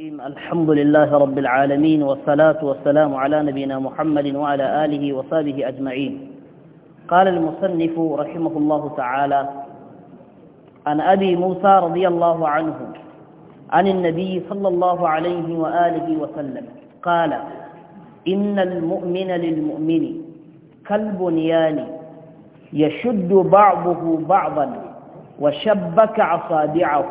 الحمد لله رب العالمين والصلاة والسلام على نبينا محمد وعلى آله وصحبه أجمعين قال المصنف رحمه الله تعالى عن أبي موسى رضي الله عنه عن النبي صلى الله عليه وآله وسلم قال إن المؤمن للمؤمن كالبنيان يشد بعضه بعضا وشبك أصابعه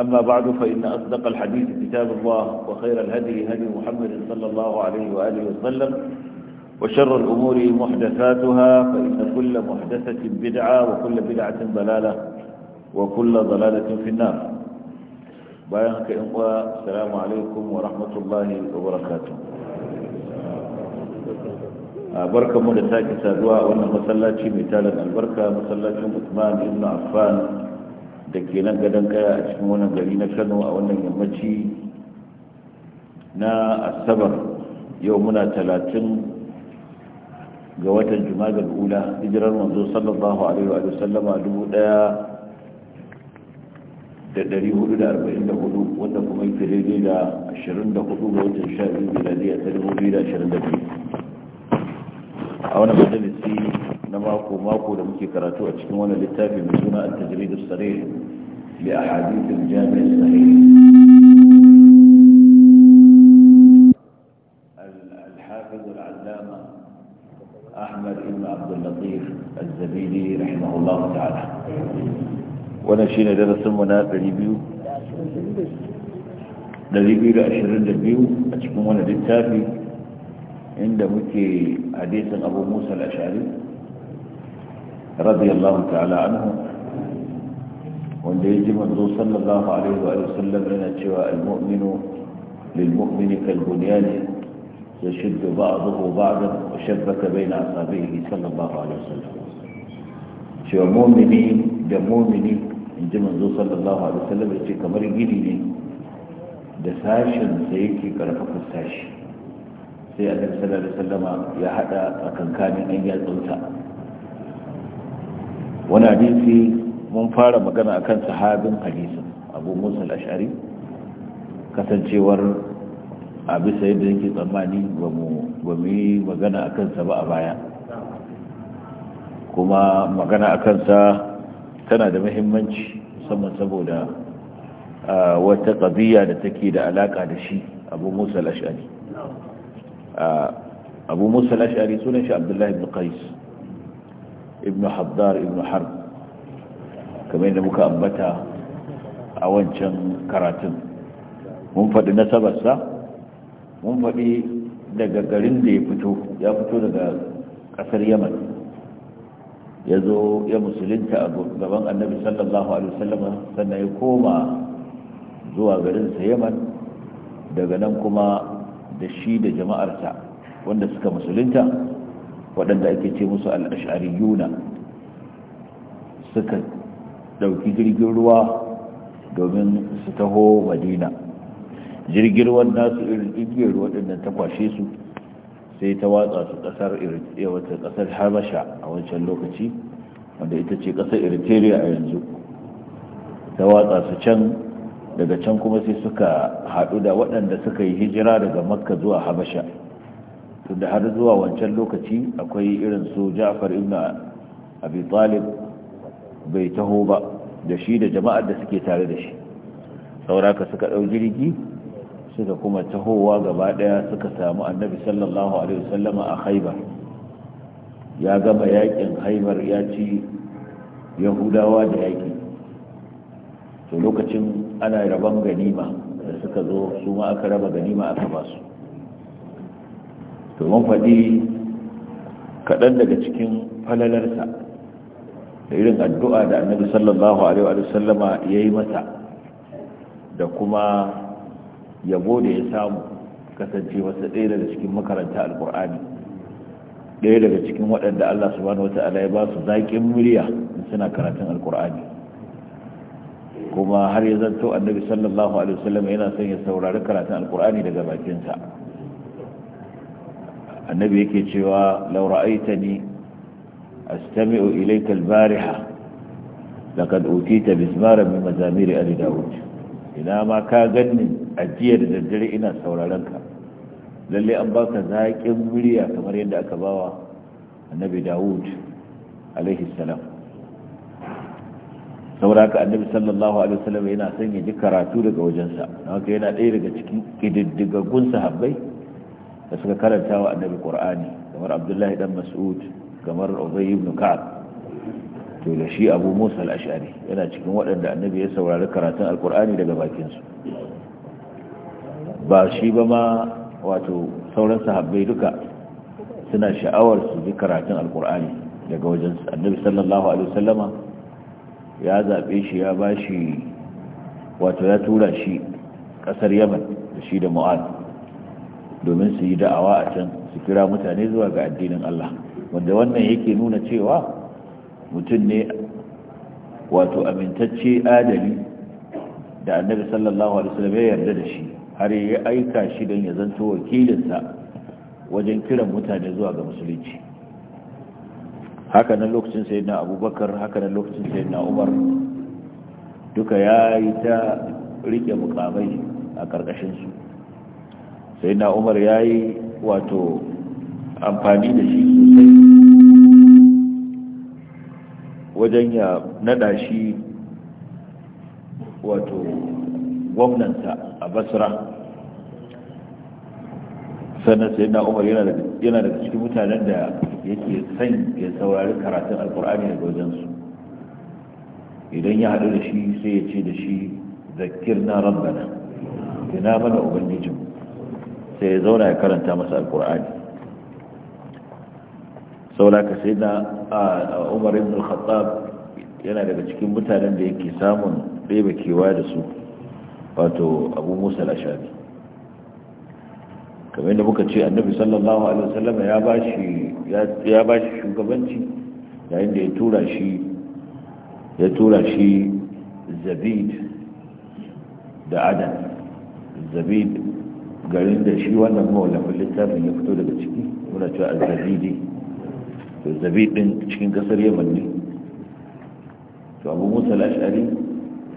أما بعد فإن أصدق الحديث كتاب الله وخير الهدي هدي محمد صلى الله عليه وآله وسلم وشر الأمور محدثاتها فإن كل محدثة بدعة وكل بدعة ضلالة وكل ضلالة في النار بيانك إنقوى السلام عليكم ورحمة الله وبركاته بركة مدتاك سادواء وأن مسلاتي مثالا البركة مسلاتي مثمان ابن عفان da ke nan gadon kaya a cikin wannan gari na kano a wannan yammaci na asabar yau muna talatin ga watan juma'a ula hijirar manzo sallallahu alaihi wa sallama dubu daya da dari hudu da arba'in da hudu wanda kuma yi daidai da ashirin da hudu ga watan sha biyu miladiya ta dubu biyu da ashirin da biyu a wani majalisi na mako mako da muke karatu a cikin wani littafi mai suna at-tajrid as da li ahadith al-jami' ahmad ibn al rahimahullah ta'ala darasin mu na 222 a cikin wani littafi inda muke hadisin abu musa al-ashari رضي الله تعالى عنه ya ji manzo sallallahu alaihi wa sallam yana cewa al-mu'minu lil-mu'mini يشد بعضه بعضا وشبك بين أصابعه صلى الله عليه وسلم شو مؤمني ده مؤمني إن جمع صلى الله عليه وسلم يشي كمر جيني ده ساشن سيكي كرفق الساش سيئة صلى الله عليه وسلم يحدى أكن كان أن يلقنسا wani hadisi mun fara magana a akan sahabin hadisin abu musa al kasancewar a bisa yadda yake tsammani ba mu yi magana a kansa ba a baya kuma magana a kansa tana da muhimmanci musamman saboda wata ƙabiya da take da alaƙa da shi abu musa al abu musa al-ash'ari sunan shi abdullahi bin qais ibn haddar ibn harb kamar yadda muka ambata a wancan karatun mun faɗi nasabarsa mun faɗi daga garin da ya fito ya fito daga ƙasar yaman ya zo ya musulunta a gaban annabi sallallahu alaihi wasallam sannan ya koma zuwa garinsa yaman daga nan kuma da shi da jama'arsa wanda suka musulunta waɗanda ake ce musu al'ashariyuna suka ɗauki jirgin ruwa domin su taho madina jirgin ruwan nasu igiyar waɗannan ta kwashe su sai ta watsa su ƙasar eh, wata habasha a wancan lokaci wanda ita ce ƙasar eritrea a yanzu ta watsa su can daga can kuma sai suka haɗu da waɗanda suka yi hijira daga makka zuwa habasha tunda har zuwa wancan lokaci akwai irin su ja'far ibn abi talib bai taho ba da shi da jama'ar da suke tare da shi sauraka suka ɗau jirgi suka kuma tahowa gaba daya suka samu annabi sallallahu alaihi wasallama a haiba ya gama yakin haibar ya ci yahudawa da yaki to lokacin ana raban ganima da suka zo su ma aka raba ganima aka basu to mun faɗi kaɗan daga cikin falalarsa da irin addu'a da annabi sallallahu alaihi wa sallama ya yi masa da kuma yabo da ya samu kasance wasu ɗaya daga cikin makaranta alƙur'ani ɗaya daga cikin waɗanda Allah subhanahu wa ta'ala ya ba su zaƙin murya suna karatun alƙur'ani kuma har ya zanto annabi sallallahu alaihi wa sallama yana son ya saurari karatun alƙur'ani daga bakinsa annabi yake cewa law ra'aitani astami'u ilayka al-bariha laqad utita bismara min mazamiri ali daud ina ma ka ganni ajiyar da daddare ina sauraron ka lalle an baka zaƙin murya kamar yadda aka bawa annabi daud alaihi salam sauraka annabi sallallahu alaihi wasallam yana son ya ji karatu daga wajensa haka yana ɗaya daga cikin kididdigaggun sahabbai da suka karanta wa annabi qur'ani kamar abdullahi dan mas'ud kamar ubay ibn ka'ab to da shi abu musa al-ash'ari yana cikin waɗanda annabi ya saurari karatun alqur'ani daga bakin su ba shi ba ma wato sauran sahabbai duka suna sha'awar su ji karatun alqur'ani daga wajen annabi sallallahu alaihi wasallama ya zabe shi ya bashi wato ya tura shi kasar yaman da shi da mu'ad domin su yi da'awa a can su kira mutane zuwa ga addinin Allah wanda wannan yake nuna cewa mutum ne wato amintacce adali da annabi sallallahu alaihi wasallam ya yarda da shi har ya aika shi don ya zanto wakilinsa wajen kiran mutane zuwa ga musulunci haka nan lokacin na abubakar haka nan lokacin na umar duka ya yi ta rike mukamai a ƙarƙashinsu sai na umar ya yi wato amfani da shi sosai wajen ya nada shi wato gwamnanta a basra sannan sai na umar yana daga cikin mutanen da yake son ya saurari karatun alkur'ani daga wajensu idan ya haɗu da shi sai ya ce da shi zakirna rabbana ina mana ubangijinmu sai ya zauna ya karanta masa alkur'ani saulaka sai na umar ibn al-khattab yana daga cikin mutanen da yake samun ɗaya kewa da su wato abu musa al kamar yadda muka ce annabi sallallahu alaihi wasallam ya bashi shi shugabanci yayin da ya tura shi zabid da adam zabid garin da shi wannan mawallafin littafin ya fito daga ciki muna cewa al-zabidi to zabid cikin kasar yaman ne to abu musa al-ash'ari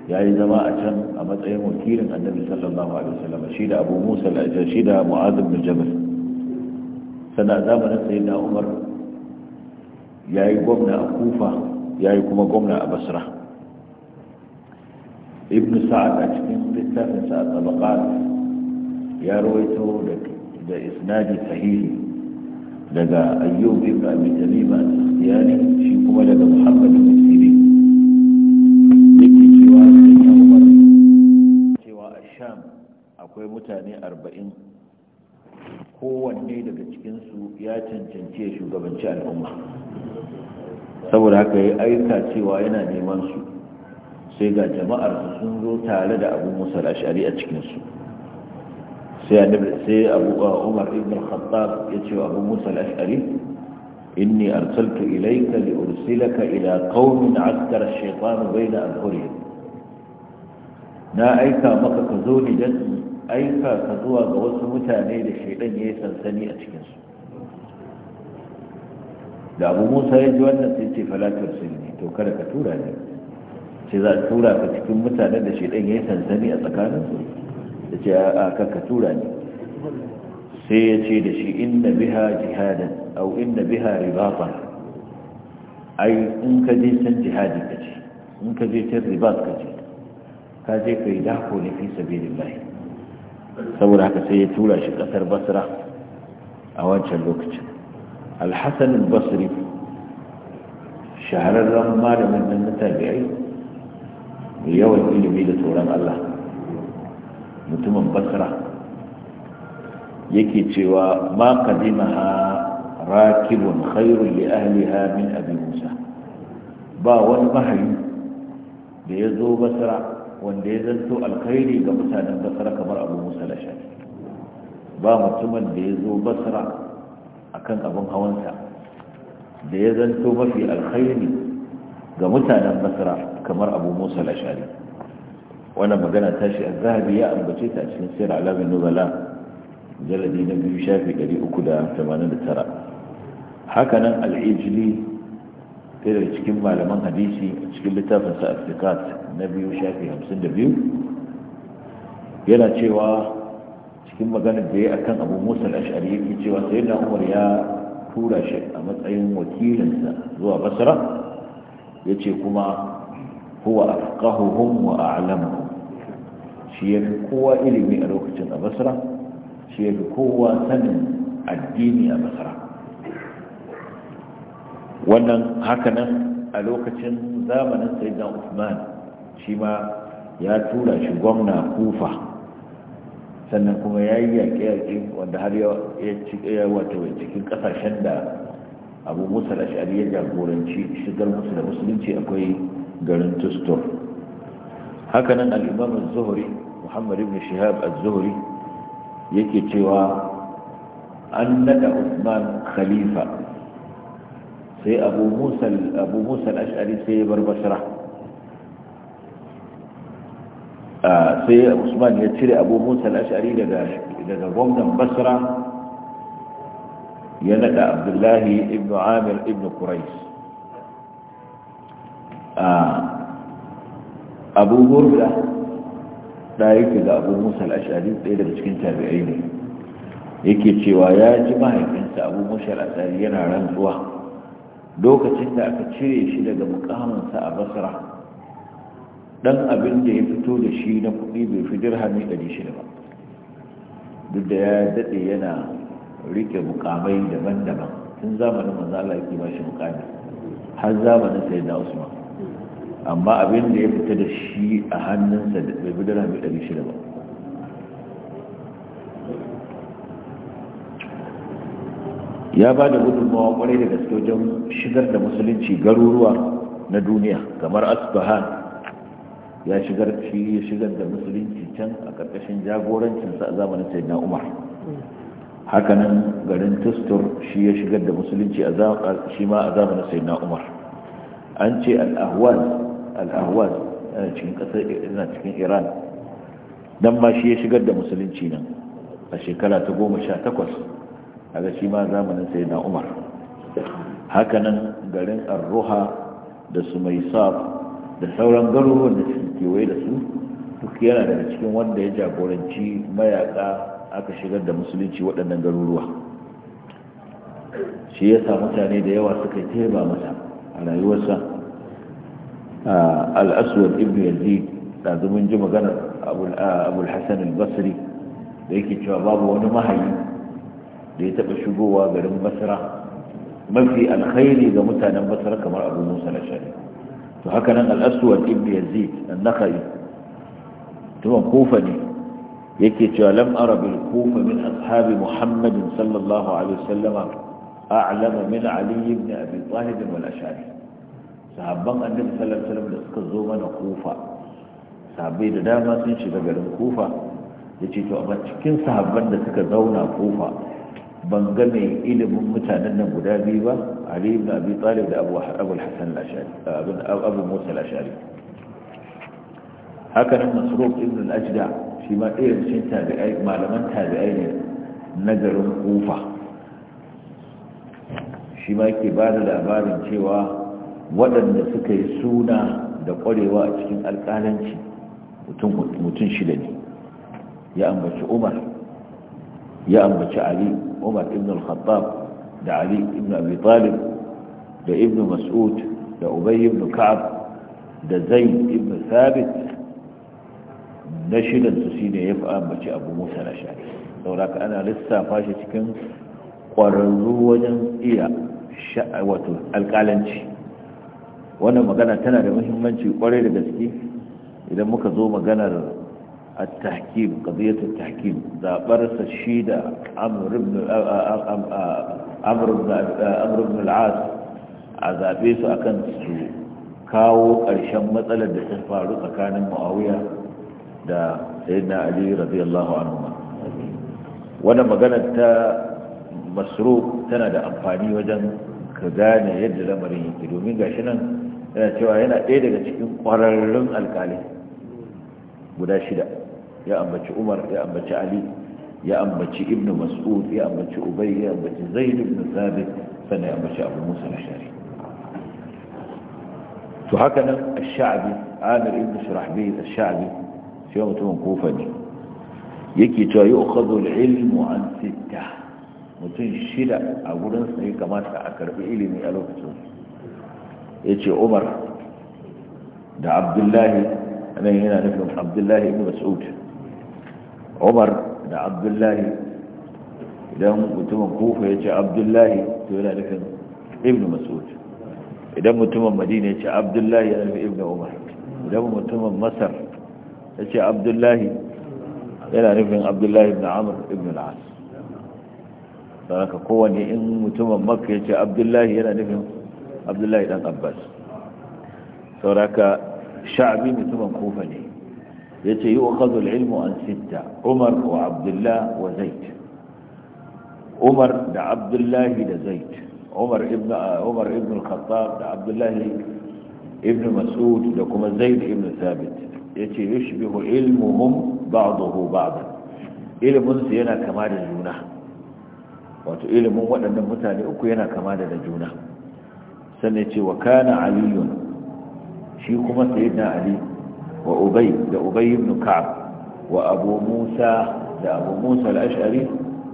ya yi zama a can a matsayin wakilin annabi sallallahu alaihi wasallam shi da abu musa al-ash'ari shi da mu'adh bin jabal sana zamanin sayyidina umar yayi gwamna a kufa yayi kuma gwamna a basra ibn sa'ad a cikin littafin sa sa'ad tabaqat ya rawaito da isnadi sahihi daga ayyub ibn abi tamima al-ikhtiyari shi kuma daga muhammad ibn sirin yake cewa umar cewa a sham akwai mutane arba'in kowanne daga cikinsu ya cancanci shugabanci al'umma saboda haka ya aika cewa yana neman su sai ga jama'ar sun zo tare da abu musa ashari a cikinsu سيدنا أبو عمر بن الخطاب يتشو أبو موسى الأشعري إني أرسلت إليك لأرسلك إلى قوم عسكر الشيطان بين أظهرهم نا أيكا مكك زوني جد أيكا كذوى بغس متاني لشيطان يسن سني أتكس أبو موسى يجو أن تنتي فلا ترسلني توكرك تورا لك سيذا تورا فتكم متاني لشيطان يسن سني أتكانا da ce a kanka tura ne sai ya ce da shi inda biha jihadan au inda biha ribatan ai in ka je san jihadi ka ce in ka je can ribat ka ce ka je ka yi dako ne fi sabilillahi saboda haka sai ya tura shi kasar basra a wancan lokacin alhassan al-basri shahararren malamin nan na tabi'ai mai yawan ilimi da tsoron Allah mutumin basra yake cewa ma qadimaha rakibun khairun li ahliha min abi musa ba wani mahayi da ya zo Basira wanda ya zanto alkhairi ga mutanen Basira kamar abu musa lashari ba mutumin da ya zo Basira akan abin hawansa da ya zanto mafi alkhairi ga mutanen Basira kamar abu musa lashari wannan magana ta shi zahabi ya ambace ta cikin sirr alamin nubala jaladi na biyu shafi 389 haka nan al'ijili ta daga cikin malaman hadisi a cikin littafin sa afirkat na biyu shafi 52 yana cewa cikin maganar da ya kan abu musa al'ashari yake cewa sai na umar ya tura shi a matsayin wakilinsa zuwa basra ya ce kuma huwa afqahuhum wa a'lamuhum shi ya fi kowa ilimi a lokacin a basra shi ya fi kowa sanin addini a basra wannan hakanan a lokacin zamanin sayyidina usman shi ma ya tura shi gwamna kufa sannan kuma ya yi yaƙe-yaƙe wanda har ya wato cikin ƙasashen da abu musa da shari'a jagoranci shigar musu da musulunci akwai garin tustur hakanan al-imam zuhri muhammad ibn shihab az-zuhri yake cewa an nada usman khalifa sai abu musa abu musa al-ash'ari sai bar basra sai usman ya cire abu musa al-ash'ari daga gwamnan basra ya nada abdullahi ibn amir ibn quraish abu burda da yake da abu musa al'ashari ɗaya daga cikin tabi'ai ne yake cewa ya ji mahaifinsa abu musa al'ashari yana rantsuwa lokacin da aka cire shi daga mukamansa a basra dan abin da ya fito da shi na kuɗi bai fi dirhami ɗari shida ba duk da ya daɗe yana rike mukamai daban-daban tun zamanin manzala yake ba shi mukami har zamanin sai na usman amma abin da ya fita da shi a hannunsa da bai bidara mai ɗari shida ba ya ba da gudunmawa kwarai da gaske wajen shigar da musulunci garuruwa na duniya kamar asbahan ya shigar shi shigar da musulunci can a ƙarƙashin jagorancinsa a zamanin sai na umar hakanan garin tustur shi ya shigar da musulunci shi ma a zamanin sai na umar an ce al'ahwal al'ahwaz yana cikin kasar yana cikin iran dan ba shi ya shigar da musulunci nan a shekara ta goma sha takwas a ga shi ma zamanin sai na umar hakanan garin arruha da su mai da sauran garuruwan da suke kewaye da su duk yana daga cikin wanda ya jagoranci mayaka aka shigar da musulunci waɗannan garuruwa shi ya sa mutane da yawa suka yi teba masa a rayuwarsa آه، الأسود ابن يزيد هذا من جمع كان أبو الحسن البصري لكي شبابه ونمهي ليتبع شبوة قرم بصرة ما في الخير إذا متانا بصرة كما أبو موسى الأشاري فهكنا الأسود ابن يزيد النخعي تو كوفني يكي لم أرى بالكوف من أصحاب محمد صلى الله عليه وسلم أعلم من علي بن أبي طالب والأشاري sahabban annabi sallallahu alaihi da suka zo mana kufa sahabbai da dama sun shiga garin kufa yace to amma cikin sahabban da suka zauna kufa ban ga mai ilimin mutanen nan guda biyu ba Ali ibn Abi Talib da Abu Abu Hassan al-Ashari Abu Musa al haka nan Masruq ibn al-Ajda shi ma ɗaya cikin tabi'ai malaman tabi'ai ne na garin Kufa shi ma yake ba da labarin cewa waɗanda suka yi suna da ƙwarewa a cikin alƙalanci mutum shida ne ya ambaci umar ya ambaci ali umar ibn al-khattab da ali ibn abi talib da ibn mas'ud da ubay ibn ka'ab da zain ibn thabit na shidan su shine ya fi ambaci abu musa na shari sauraka ana lissafa shi cikin ƙwararru wajen iya wato alƙalanci wannan magana tana da muhimmanci kwarai da gaske idan muka zo maganar التحكيم قضية التحكيم ذا برس الشيدة عمر بن عمر بن عمر بن العاص عذابي matsalar da ta faru tsakanin Muawiya da Sayyidina Ali radiyallahu anhu wannan magana ta masruq tana da amfani wajen ka gane yadda lamarin yake domin gashi nan yana cewa yana ɗaya daga cikin ƙwararrun alkali guda shida ya ambaci umar ya ambaci ali ya ambaci ibnu mas'ud ya ambaci ubay ya ambaci zaid ibn thabit sannan ya ambaci abu musa na ashari to haka nan ash-sha'bi amir ibn shurahbi ash-sha'bi shi mutumin kufa ne yake cewa yu'khadhu al-ilmu an sittah mutum shida a gurin sai kamata a karbi ilimi a lokacin su ya ce umar da abdullahi nan yana nufin abdullahi ibn mas'ud umar da abdullahi idan mutumin kufa ya ce abdullahi to yana nufin ibn mas'ud idan mutumin madina ya ce abdullahi yana nufin ibn umar idan mutumin masar ya ce abdullahi yana nufin abdullahi ibn amur ibn al'as don kowane in mutumin makka ya ce abdullahi yana nufin abdullahi dan abbas sauraka sha'abi mutumin kufa ne ya ce yi ukazul ilmu an sitta umar wa Abdullahi wa zait umar da abdullahi da zait ah, umar ibn al-khattab da abdullahi ibn mas'ud da kuma zaid ibn thabit ya ce yushbihu ilmuhum ba'dahu ba'dan iliminsu yana kama da juna wato ilimin waɗannan mutane uku yana kama da juna sannan ce wa kana aliyun shi kuma na ali wa ubay da ubay ibn ka'ab wa abu musa da abu musa al-ash'ari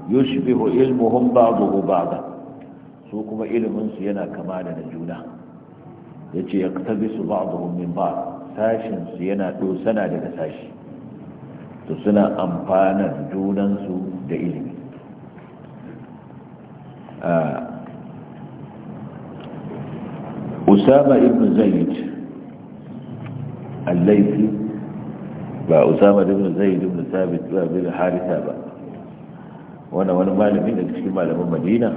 yushbihu ilmuhum ba'dahu ba'da su kuma ilimin su yana kama da juna yace yaktabisu ba'dahum min ba'd sashin su yana sana daga sashi to suna amfana junansu da ilimi ah, usama ibn zaid al-laifi ba usama ibn zaid ibn sabit ba bin harisa ba wanda wani malami daga cikin malaman madina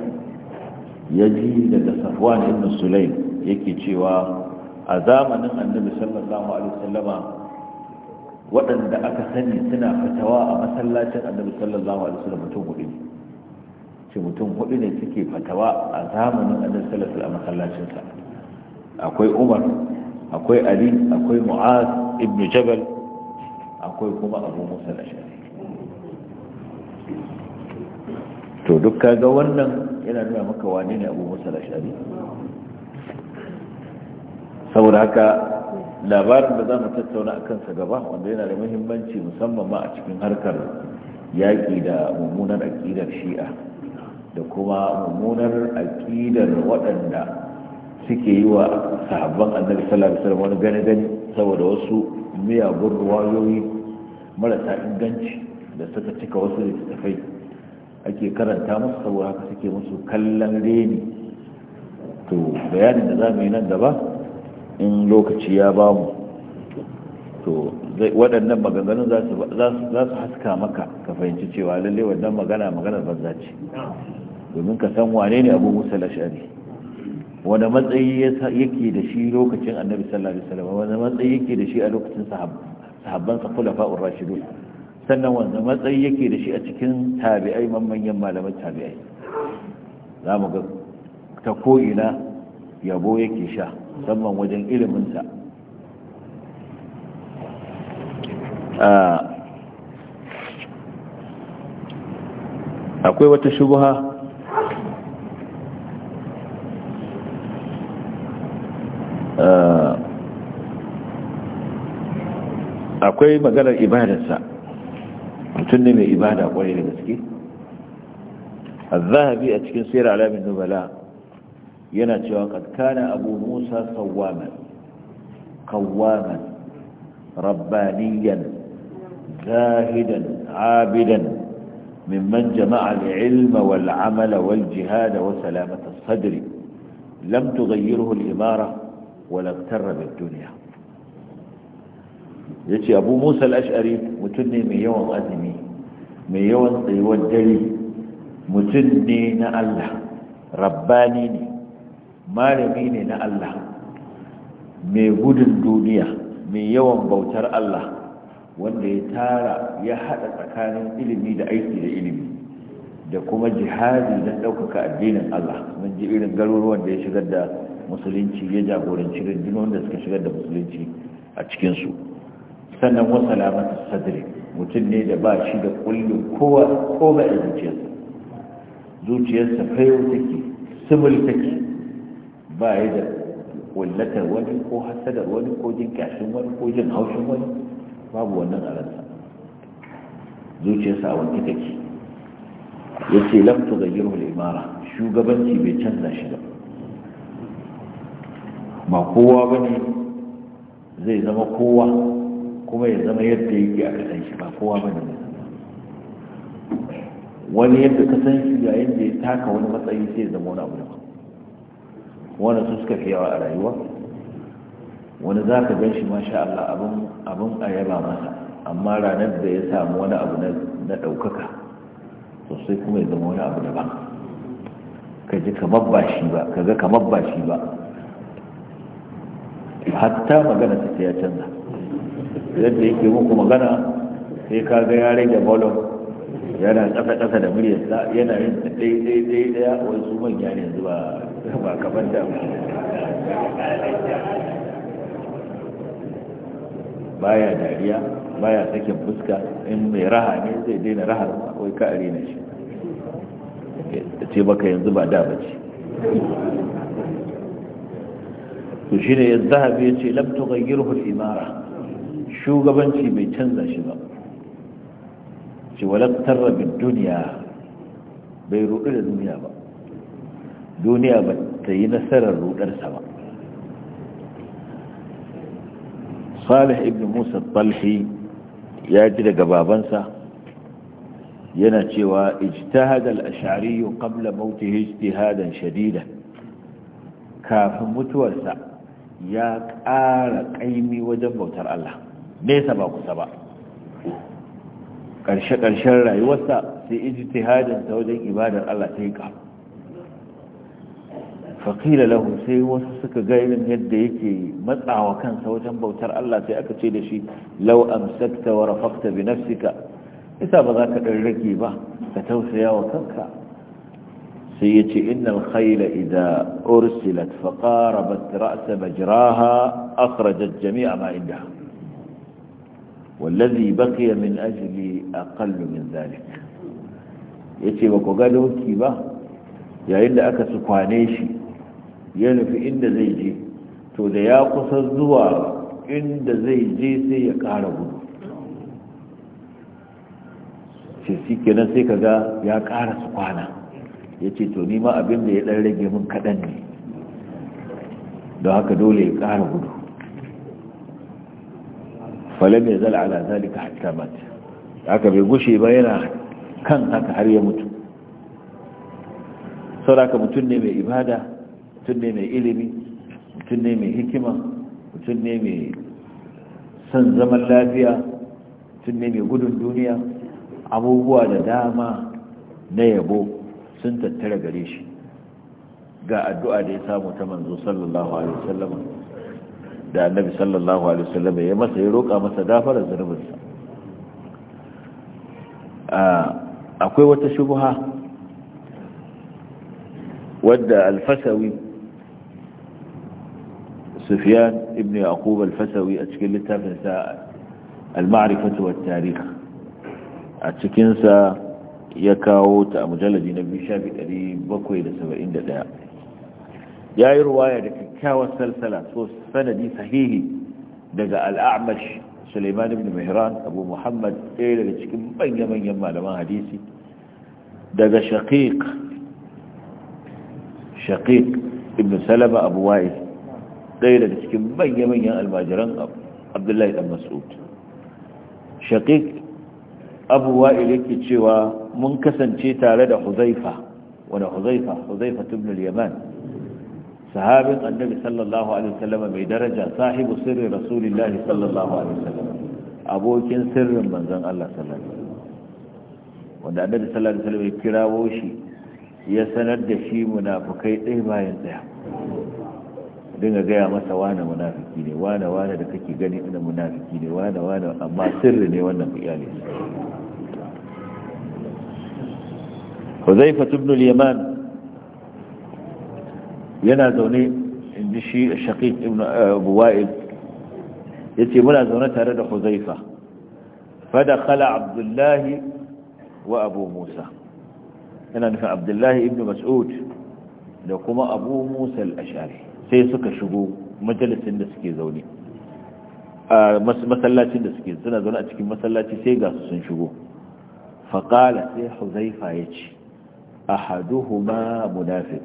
ya ji daga safwan ibn sulaim yake cewa a zamanin annabi sallallahu alaihi wasallama waɗanda aka sani suna fatawa a masallacin annabi sallallahu alaihi wasallam mutum hudu ne ce mutum hudu ne suke fatawa a zamanin annabi sallallahu alaihi wasallam a masallacinsa akwai umar akwai ali akwai mu'az ibn jabal akwai kuma abu musa al-ashari to duk ga wannan yana nuna maka wane ne abu musa al-ashari saboda haka labarin da za mu tattauna a kansa gaba wanda yana da muhimmanci musamman ma a cikin harkar yaƙi da mummunar aƙidar shi'a da kuma mummunar aƙidar waɗanda suke yi wa sahabban annabi sallallahu alaihi wasallam wani gani saboda wasu miyagun ruwayoyi marasa inganci da suka cika wasu littattafai ake karanta musu saboda haka suke musu kallon reni to bayanin da za mu yi nan gaba in lokaci ya ba mu to waɗannan maganganun za su haska maka ka fahimci cewa lallai wannan magana maganar banza ce domin ka san wane ne abu musa lashari wani matsayi yake da shi lokacin annabi sallallahu alaihi wasallam wani matsayi yake da shi a lokacin sahabban sa khulafa'ur rashidun sannan wanda matsayi yake da shi a cikin tabi'ai manyan malaman tabi'ai za mu ga ta ko'ina yabo yake sha musamman wajen iliminsa akwai wata shubuha akwai maganar ibadarsa mutum ne mai ibada kwarai da gaske الذهبي أتكن سير علام النبلاء ينتي وقد كان أبو موسى صواما قواما ربانيا زاهدا عابدا ممن جمع العلم والعمل والجهاد وسلامة الصدر لم تغيره الإمارة walaktarra bin duniya ya ce abu musa al'ashari mutum ne mai yawan azumi mai yawan tsayuwar dare mutum ne na allah rabbani ne malami ne na allah mai gudun duniya mai yawan bautar allah wanda ya tara ya haɗa tsakanin ilimi da aiki da ilimi da kuma jihadi don ɗaukaka addinin allah mun ji irin garuruwan da ya shigar da musulunci ya jagoranci rundunar wanda suka shigar da musulunci a cikinsu sannan wasu alamata sadri mutum ne da ba shi da kullum kowa ko ba a zuciyarsa zuciyarsa fayo take simul take ba ya da kullatar wani ko hasadar wani ko jin kyashin wani ko jin haushin wani babu wannan a ransa zuciyarsa a wanke take ya ce lamtu ga girma imara shugabanci bai canza shi ba ba kowa ba ne zai zama kowa kuma ya zama yadda yake a kasan shi ba kowa ba ne wani yadda kasan shi yayin da ya taka wani matsayi sai ya zama wani abu daban wani su suka fi yawa a rayuwa wani za ka gan shi masha Allah abin a yaba masa amma ranar da ya samu wani abu na ɗaukaka sosai kuma ya zama wani abu daban ka ji ka ba shi ba ka ga kamar ba shi ba hatta magana ta ta ya canza yadda yake muku magana sai ka ga ya rage bolon yana ƙasa ƙasa da muryarsa yana yin ɗai ɗai ɗaya wai su manya ne yanzu ba ba kamar da baya dariya baya sakin fuska in mai raha ne zai daina raha wai ka arena shi ce baka yanzu ba da bace to shi ne zahabi ya ce lamta gayyarhu imara shugabanci bai canza shi ba ce walantar rabin duniya bai rudu da duniya ba duniya ba ta yi nasarar rudarsa ba salih ibn musa talhi ya ji daga babansa yana cewa ijtihad al-ash'ari qabla mawtihi ijtihadan shadidan kafin mutuwarsa ya ƙara ƙaimi wajen bautar Allah nesa ba kusa ba ƙarshe-ƙarshen rayuwarsa sai iji tihadinsa wajen ibadar Allah ta yi ƙa faƙila lahu sai wasu suka gairin yadda yake matsawa kansa wajen bautar Allah sai aka ce da shi lau amsakta wa rafakta bi nafsika isa ba za ka ɗan rage ba ka tausaya wa kanka sai ya ce innal khayla idza ursilat faƙara qarabat ra'sa majraha akhrajat jami'a ma indaha wallazi baqiya min a aqallu min Ya yace ba ku ga doki ba yayin da aka sukwane shi ya nufi inda zai je to da ya kusa zuwa inda zai je sai ya ƙara gudu sai shi kenan sai kaga ya ƙara su kwana ya ce to nima abin da ya ɗan rage mun kaɗan ne don haka dole ya ƙara gudu falon ya zala ala zalika hatta mata haka bai gushe ba yana kan haka har ya mutu sauraka mutum ne mai ibada mutum ne mai ilimi mutum ne mai hikima mutum ne mai son zaman lafiya mutum ne mai gudun duniya abubuwa da dama na yabo sun tattara gare shi ga addu'a da ya samu ta manzo sallallahu alaihi wasallam da annabi sallallahu alaihi wasallam ya masa ya roƙa masa gafarar zunubinsa akwai wata shubuha wadda alfasawi Sufiyan ibn yaqub alfasawi a cikin littafinsa al-ma'rifatu wat-tarikh a cikinsa ya kawo ta a mujalladi na biyu shafi ɗari bakwai da saba'in da ɗaya ya yi ruwaya da kyakkyawar salsala so sanadi sahihi daga al'amash suleiman ibn mihran abu muhammad ɗaya daga cikin manya-manyan malaman hadisi daga shaqiq shaqiq ibn salama abu wa'il ɗaya daga cikin manya-manyan almajiran abdullahi dan mas'ud shaqiq abu wa'il yake cewa mun kasance tare da huzaifa wanda huzaifa huzaifa ibn al-yaman sahabin annabi sallallahu alaihi wasallam mai daraja sahibu sirri rasulillah sallallahu alaihi wasallam abokin sirrin manzon Allah sallallahu alaihi wasallam wanda annabi sallallahu alaihi wasallam ya kirawo shi ya sanar da shi munafukai ɗaya bayan ɗaya dinga gaya masa wane munafiki ne wane wane da kake gani ina munafiki ne wane wane amma sirri ne wannan iyali huzaifa ibn al-yaman yana zaune inji shi shaqiq ibn eh, abu wa'il yace muna zaune tare da huzaifa fadakhala abdullahi wa abu musa yana nufin abdullahi ibn mas'ud da kuma abu musa al-ashari sai suka shigo majalisin da suke zaune a masallacin da suke suna zaune a cikin masallaci sai ga su sun shigo faƙala sai huzaifa ya ce ahaduhuma munafiq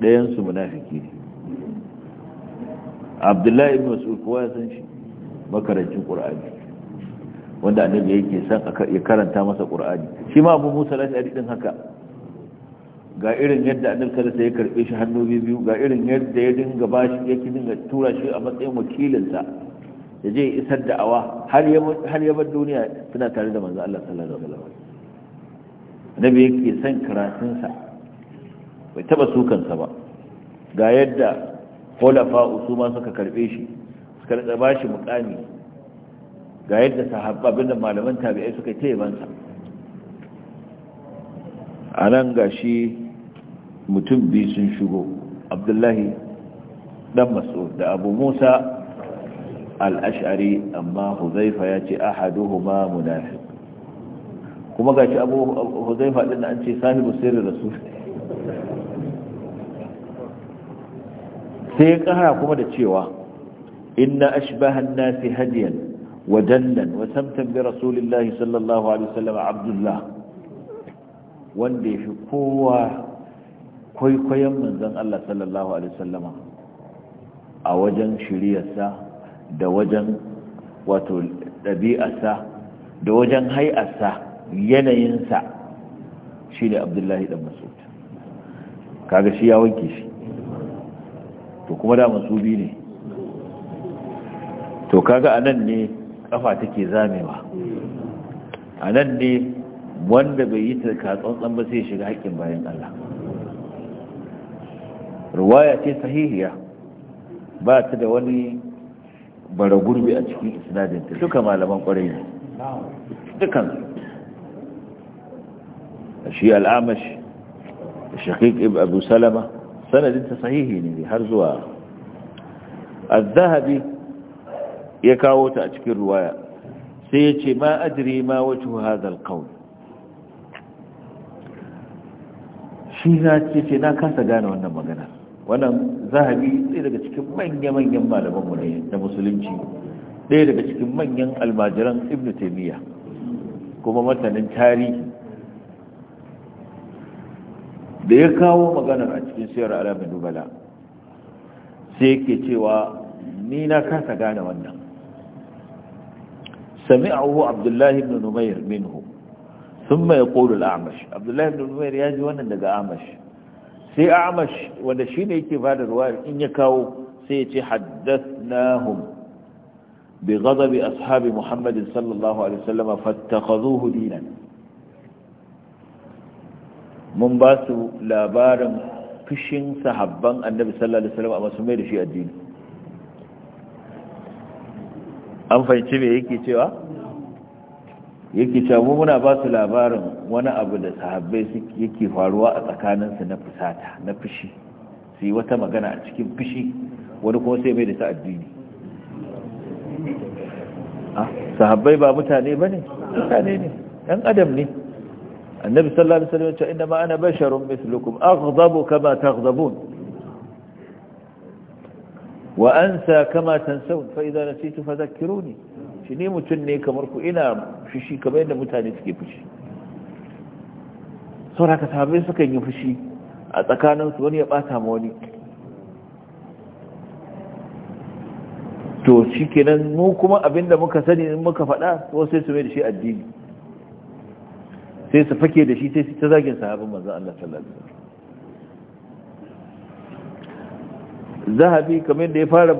ɗayansu munafiki ne abdullahi ibn mas'ud kuwa ya san shi makarancin qur'ani wanda annabi yake san ya karanta masa qur'ani shi ma abu musa lati ashari din haka ga irin yadda annabi kada alaihi ya karbe shi hannu biyu ga irin yadda ya dinga bashi yake dinga tura shi a matsayin wakilinsa ya je isar da awa har ya bar duniya suna tare da manzo Allah sallallahu alaihi wasallam annabi yake son karatunsa bai taba sukansa ba ga yadda khulafa su ma suka karbe shi suka rika bashi mukami ga yadda sahabba abinda malaman tabi'ai suka yi bansa a nan ga shi mutum biyu sun shigo abdullahi dan maso, da abu musa al-ash'ari amma huzaifa ya ce ma munafiq kuma ga shi abu zai faɗi da an ce sahibu sirri rasul sai ya ƙara kuma da cewa inna ashbahan nasi hadiyan wa dallan wa samtan bi rasulillahi sallallahu alaihi wasallam abdullah wanda ya fi kowa kwaikwayon manzon Allah sallallahu alaihi wasallama a wajen shiriyarsa da wajen wato ɗabi'arsa da wajen hai'arsa yanayinsa shi ne abdullahi ɗan masud kaga shi ya wanke shi to kuma da masubi ne to kaga a nan ne kafa take zamewa a nan ne wanda bai yi ta tsantsan ba sai shiga haƙƙin bayan Allah ruwaya ce sahihiya ba ta da wani bara gurbi a cikin ta duka malaman ƙwarai ne dukansu shi al'amash shaqiq abu salama sanadin ta sahihi ne har zuwa al zahabi ya kawo ta a cikin ruwaya sai ya ce ma adri ma wajhu hadha al-qawl shi na ce na kasa gane wannan magana wannan zahabi ɗaya daga cikin manya-manyan malamanmu ne na musulunci ɗaya daga cikin manyan almajiran ibn taimiyya kuma matanin tarihi da ya kawo maganar a cikin siyar alamin dubala. sai yake cewa ni na kasa gane wannan abu abdullahi ibn numair minhu thumma yaqulu al-a'mash abdullahi ibn numair ya ji wannan daga amash sai amash wanda shine yake bada ruwayar in ya kawo sai ya ce haddas haddathnahum bi ghadabi ashabi muhammadin sallallahu alaihi wasallam fattakhadhuhu dinan mun ba su labarin fushin sahabban annabi sallallahu alaihi wasallam amma sun mai da shi addini an fahimci me yake cewa yake cewa mu muna ba su labarin wani abu da sahabbai yake faruwa a tsakaninsu na fusata na fushi su yi wata magana a cikin fushi wani kuma sai mai da ta addini ah, sahabbai ba mutane ba ne mutane ne ɗan adam ne annabi sallallahu alaihi wasallam ya ce inna ma ana basharun mithlukum aghdabu kama taghdabun wa ansa kama tansawun fa idza nasitu fadhakkiruni shi ne mutun ne kamar ku ina fushi kamar yadda mutane suke fushi saboda ka yi fushi a tsakaninsu wani ya bata ma wani to shi kenan mu kuma abinda muka sani muka faɗa wasu su mai da shi addini sai su fake da shi sai su ta zagin sahabin manzo Allah sallallahu alaihi wasallam zahabi kamar da ya fara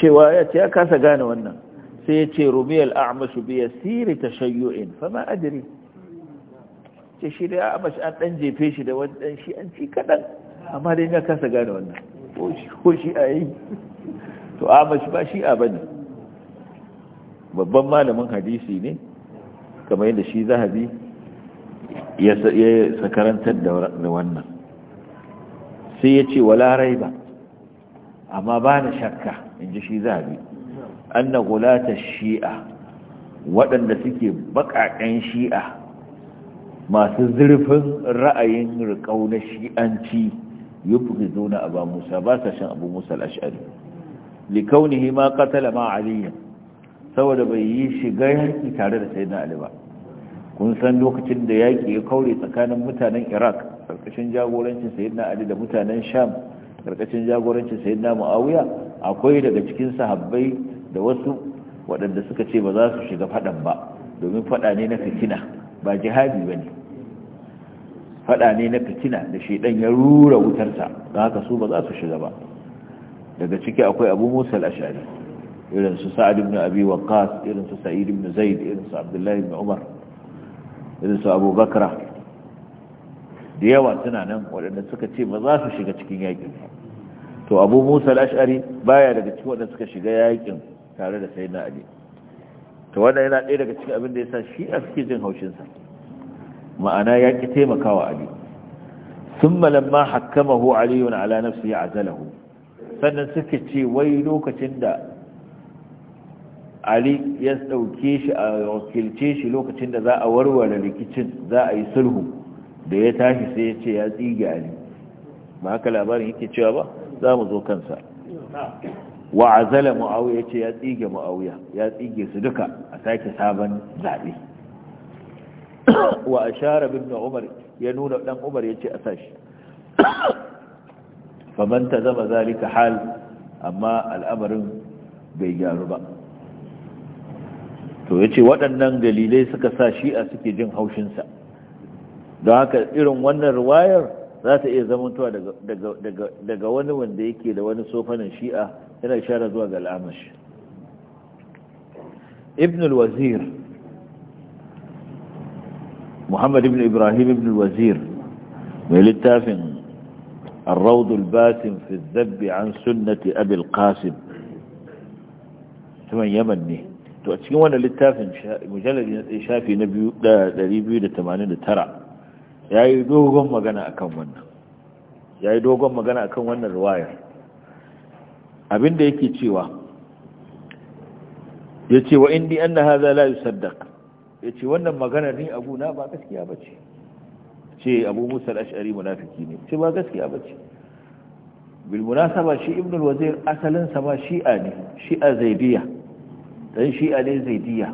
cewa ya ce ya kasa gane wannan sai ya ce rumiyal a'mashu bi yasiri tashayyu'in fama adri ce shi da a'mash an dan jefe shi da wani shi an ci kadan amma dai ya kasa gane wannan ko shi a yi to a'mash ba shi a bane babban malamin hadisi ne kamar yadda shi zahabi ya sakarantar da wannan sai ya ce wala rai ba amma ba na shakka in ji shi zabi an na gulata shi'a waɗanda suke baƙaƙen shi'a masu zurfin ra'ayin riƙau na shi'anci yi fi zuna a ba musa ba sa shan abu musa al'ashari likaunihi ma katala ma aliyu saboda bai yi shiga yanki tare da sai na ba. kun san lokacin da yaƙi ya kaure tsakanin mutanen iraq ƙarƙashin jagorancin sayyidina ali da mutanen sham ƙarƙashin jagorancin sayyidina muawiya akwai daga cikin sahabbai da wasu waɗanda suka ce ba za su shiga faɗan ba domin faɗa ne na fitina ba jihadi ba ne faɗa ne na fitina da shaidan ya rura wutarsa don haka su ba za su shiga ba daga ciki akwai abu musa al'ashari irin su sa'ad ibn abi waqqas irin su sa'id ibn zaid irin su abdullahi ibn umar irin su da yawa suna nan waɗanda suka ce ba za su shiga cikin yakin to abu musa al'ashari baya daga cikin waɗanda suka shiga yakin tare da sai na ali to wanda yana ɗaya daga cikin abin da ya sa shi a suke jin haushinsa ma'ana ya ƙi taimakawa ali sun malamma hakkamahu aliyun ala nafsi ya azalahu sannan suke ce wai lokacin da ali ya ɗauke shi a wakilce shi lokacin da za a warware rikicin za a yi sulhu da ya tashi sai ya ce ya tsige ali ba haka labarin yake cewa ba za mu zo kansa wa azala muawiya ce ya tsige muawiya ya tsige su duka a sake sabon zaɓe wa bin ibn umar ya nuna ɗan umar ya ce a sashi faman tazama zalika hal amma al'amarin bai gyaru ba to ya ce waɗannan dalilai suka sa shi'a suke jin haushinsa don haka irin wannan ruwayar za ta iya zamantowa daga wani wanda yake da wani sofanin shi'a yana shara zuwa ga al'amash ibn al-wazir muhammad ibn ibrahim ibn al-wazir mai littafin الروض الباسم في الذب عن سنة أبي القاسم ثم يمني to a cikin wannan littafin mujallari na tsaye shafi na 289 ya yi dogon magana akan wannan ya yi dogon magana akan wannan ruwayar abinda yake cewa ya ce wa indi an na haza la yi ya ce wannan maganar ni abu na ba gaskiya ba ce ce abu musa al'ashari munafiki ne ce ba gaskiya ba ce bilmunasaba shi ibn al asalinsa ma shi'a ne shi'a zaidiya dan shi'a ne zaidiya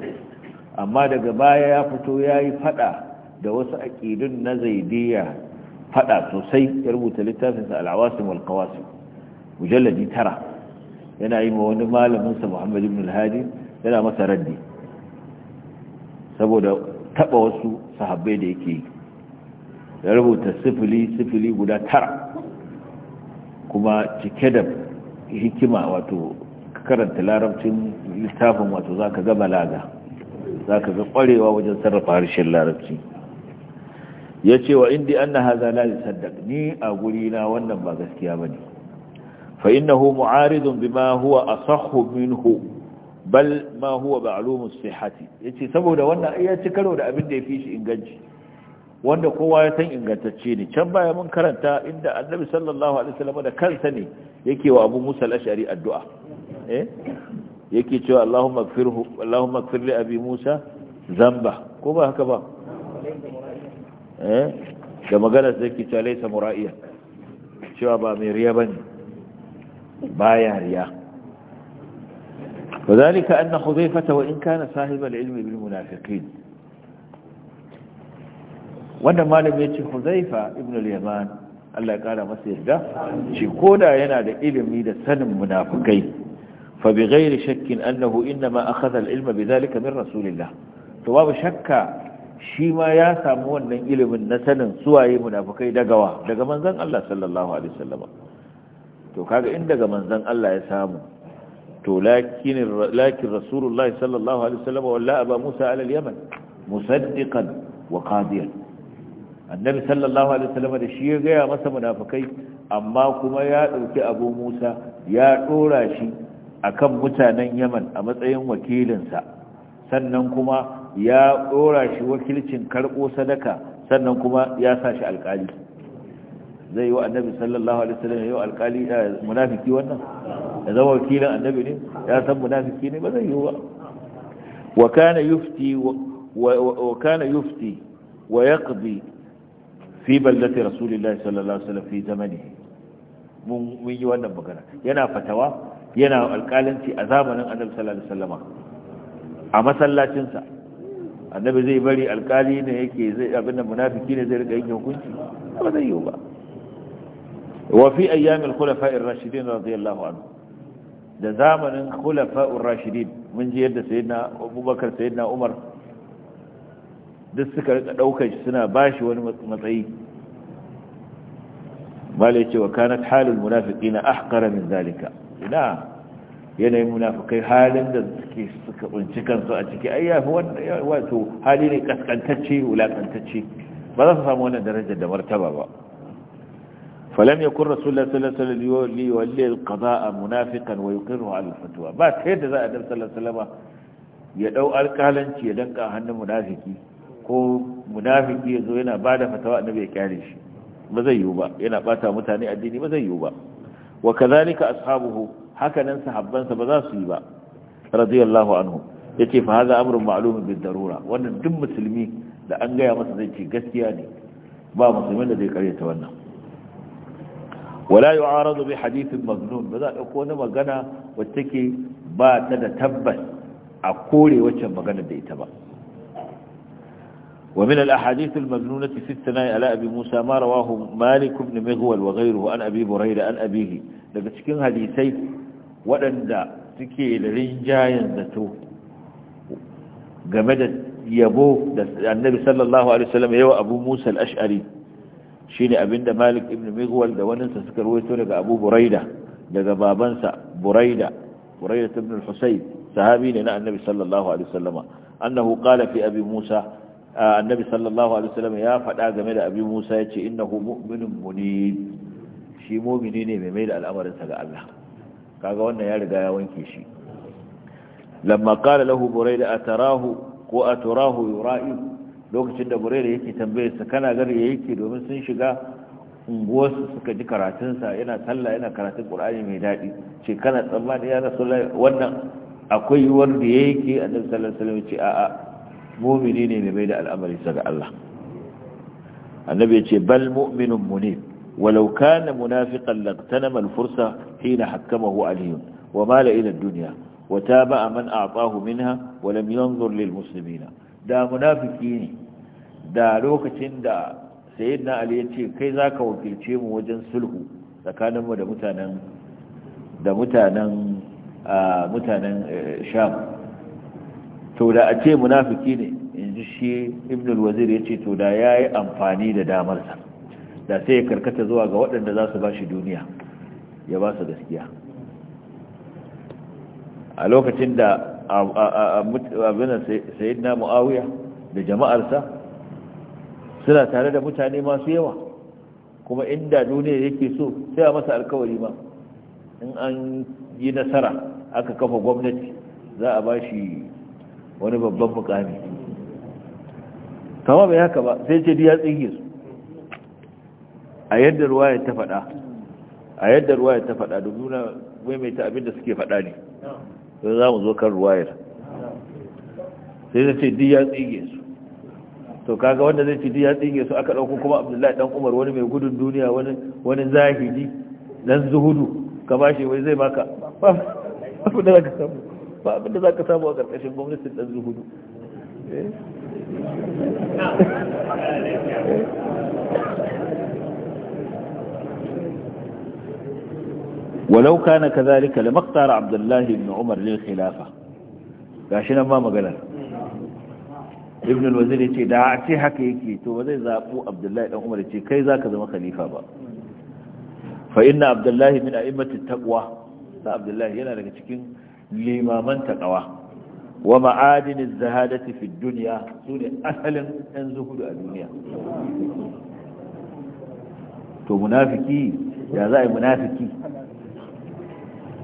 amma daga baya ya fito ya yi fada da wasu aƙidun na zaidiya fada sosai ya rubuta littafinsa al'awasim wal-qawasim mujalladi tara yana yi ma wani malaminsa muhammad ibn al yana masa raddi saboda taba wasu sahabbai da yake yi ya rubuta sifili sifili guda tara kuma cike da hikima wato karanta larabcin littafin wato za ka ga balaga za ka ga kwarewa wajen sarrafa harshen larabci ya ce wa indi an na haza la yusaddaq ni a guri na wannan ba gaskiya ba ne fa innahu mu'aridun bima huwa asahhu minhu bal ma huwa ba'lumu Ya yace saboda wannan ya ci karo da abin da fi shi inganci wanda kowa ya san ingantacce ne can baya mun karanta inda annabi sallallahu alaihi wasallam da kansa ne yake wa abu musa al-ash'ari addu'a eh yake cewa Allahumma gfirhu Allahumma li abi Musa zamba ko ba haka ba eh da magana sai yake cewa laysa mura'iya cewa ba mai riya ba ne, ba ya riya وذلك wa حذيفة kana sahiba صاحب العلم بالمنافقين wannan malam ya ce huzaifa ibn al-yaman Allah ya kara masa yarda shi koda yana da ilimi da sanin munafikai فبغير شك أنه إنما أخذ العلم بذلك من رسول الله فباب شك شيما يا سامون من علم نسن سواي منافقي دغوا daga manzon Allah sallallahu to kaga in daga manzon Allah ya samu to lakin lakin rasulullahi sallallahu alaihi wasallam walla aba Musa ala al-Yaman musaddiqan wa qadiyan annabi sallallahu da shi ya gaya masa munafikai amma kuma ya ɗauki Abu Musa ya ɗora shi akan mutanen yaman a matsayin wakilinsa sannan kuma ya ɗora shi wakilcin karɓo sadaka sannan kuma ya sa shi alƙali zai yi wa annabi sallallahu alaihi wasallam yau alƙali eh, munafiki wannan Ya zama wakilin annabi ne ya san munafiki ne ba zai yi ba wa kana yufti wa kana yufti wa yaqdi fi ballati rasulillahi sallallahu alaihi wasallam fi zamanihi mun yi wannan magana yana fatawa yana alƙalanci a zamanin annabi sallallahu alaihi wasallama a masallacinsa annabi zai bari alƙali ne yake zai abin da munafiki ne zai rika yin hukunci ba zai yi ba wa fi ayyamil khulafa'ir rashidin radiyallahu anhu da zamanin khulafa'ur rashidin mun ji yadda sayyidina Abubakar sayyidina Umar duk suka rika daukar shi suna bashi wani matsayi bale ce wa kanat halul munafiqina ahqara min zalika ina yanayin munafukai halin da suke suka kunci kansu a ciki ai yafi wanda wato hali ne kaskantacce wulakantacce ba za su samu wannan darajar da martaba ba فلم يكن رسول الله صلى الله kaza a يولي القضاء منافقا ويقره على الفتوى ba ta yadda za a dan عليه ya dau alƙalanci ya danka hannun munafiki ko munafiki yazo yana bada fatawa annabi ya kyare shi ba zai yiwu ba yana bata mutane addini ba zai yiwu ba wa kadhalika ashabuhu haka nan sahabbansa ba za su yi ba radiyallahu anhu yace fa hadha amrun ma'lumun bid darura wannan duk musulmi da an gaya masa zai ce gaskiya ne ba musulmin da zai karyata wannan wala yu'aradu bi hadithin magnun ba za a dauko wani magana wacce take ba ta da tabbas a kore waccan magana da ita ba ومن الأحاديث المبنونة في الثناء على أبي موسى ما رواه مالك بن مغول وغيره عن أبي بريرة عن أبيه daga cikin hadisai waɗanda suke da rinjayen zato game da yabo da annabi sallallahu alaihi wasallam abu musa al-ash'ari shine abinda malik ibn migwal da waninsa suka ruwaito daga abu buraida daga babansa buraida buraida ibn al-husayn sahabi ne na annabi sallallahu abi musa annabi sallallahu alaihi wasallam ya faɗa game da abin Musa ya ce innahu mu'minun munib shi mu'mini ne mai mai da al'amarinsa ga Allah kaga wannan ya riga ya wanke shi lamma qala lahu burayda atarahu ko atarahu yura'i lokacin da burayda yake tambaye sa kana gari yake domin sun shiga unguwarsu suka ji karatunsa yana sallah yana karatun qur'ani mai dadi ce kana tsammani ya rasulullahi wannan akwai yiwuwar da yake annabi sallallahu alaihi wasallam ce a'a mumini ne da bai da al'amarinsa ga Allah annabi ya ce bal mu'minun munib walau kana munafiqan laqtanama al-fursa hina hakkamahu ali wa mala ila ad-dunya wa taba'a man a'tahu minha wa lam yanzur lil muslimina da munafiki ne da lokacin da sayyidina ali ya ce kai zaka wakilce mu wajen sulhu tsakaninmu da mutanen da mutanen mutanen eh, sham to da a ce munafiki ne in ji shi ibn al-wazir yace to da yayi amfani da damar sa da sai ya karkata zuwa ga waɗanda za su ba shi duniya ya ba su gaskiya a lokacin da abin sayyidina muawiya da jama'arsa suna tare da mutane masu yawa kuma inda duniya yake so sai a masa alkawari ma in an yi nasara aka kafa gwamnati za a ba shi wani babban mukami kama bai haka ba sai ce ya tsige su a yadda ruwa ya ta faɗa a yadda ruwa ya ta faɗa da nuna maimaita abinda suke faɗa ne sai za mu zo kan ruwayar sai zai ce diya tsige su to kaga wanda zai ce diya tsige su aka ɗauko kuma abdullahi ɗan umar wani mai gudun duniya wani zahidi dan zuhudu ka bashi wai zai baka ba da ka samu ba abin za ka samu a ƙarƙashin gwamnati ɗan zuhudu walau kana kazalika da maktara abdullahi ibn umar lil khilafa ga shi nan ma maganar ibn al ce da a ce haka yake to ba zai zaɓu abdullahi ɗan umar ce kai za ka zama khalifa ba fa ina abdullahi min a imatin taɓuwa na abdullahi yana daga cikin limaman taqwa wa ma'adin zahadati fi dunya sune asalin ɗan zuhudu a duniya to munafiki ya za a yi munafiki